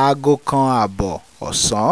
aago kan ààbọ̀ ọ̀sán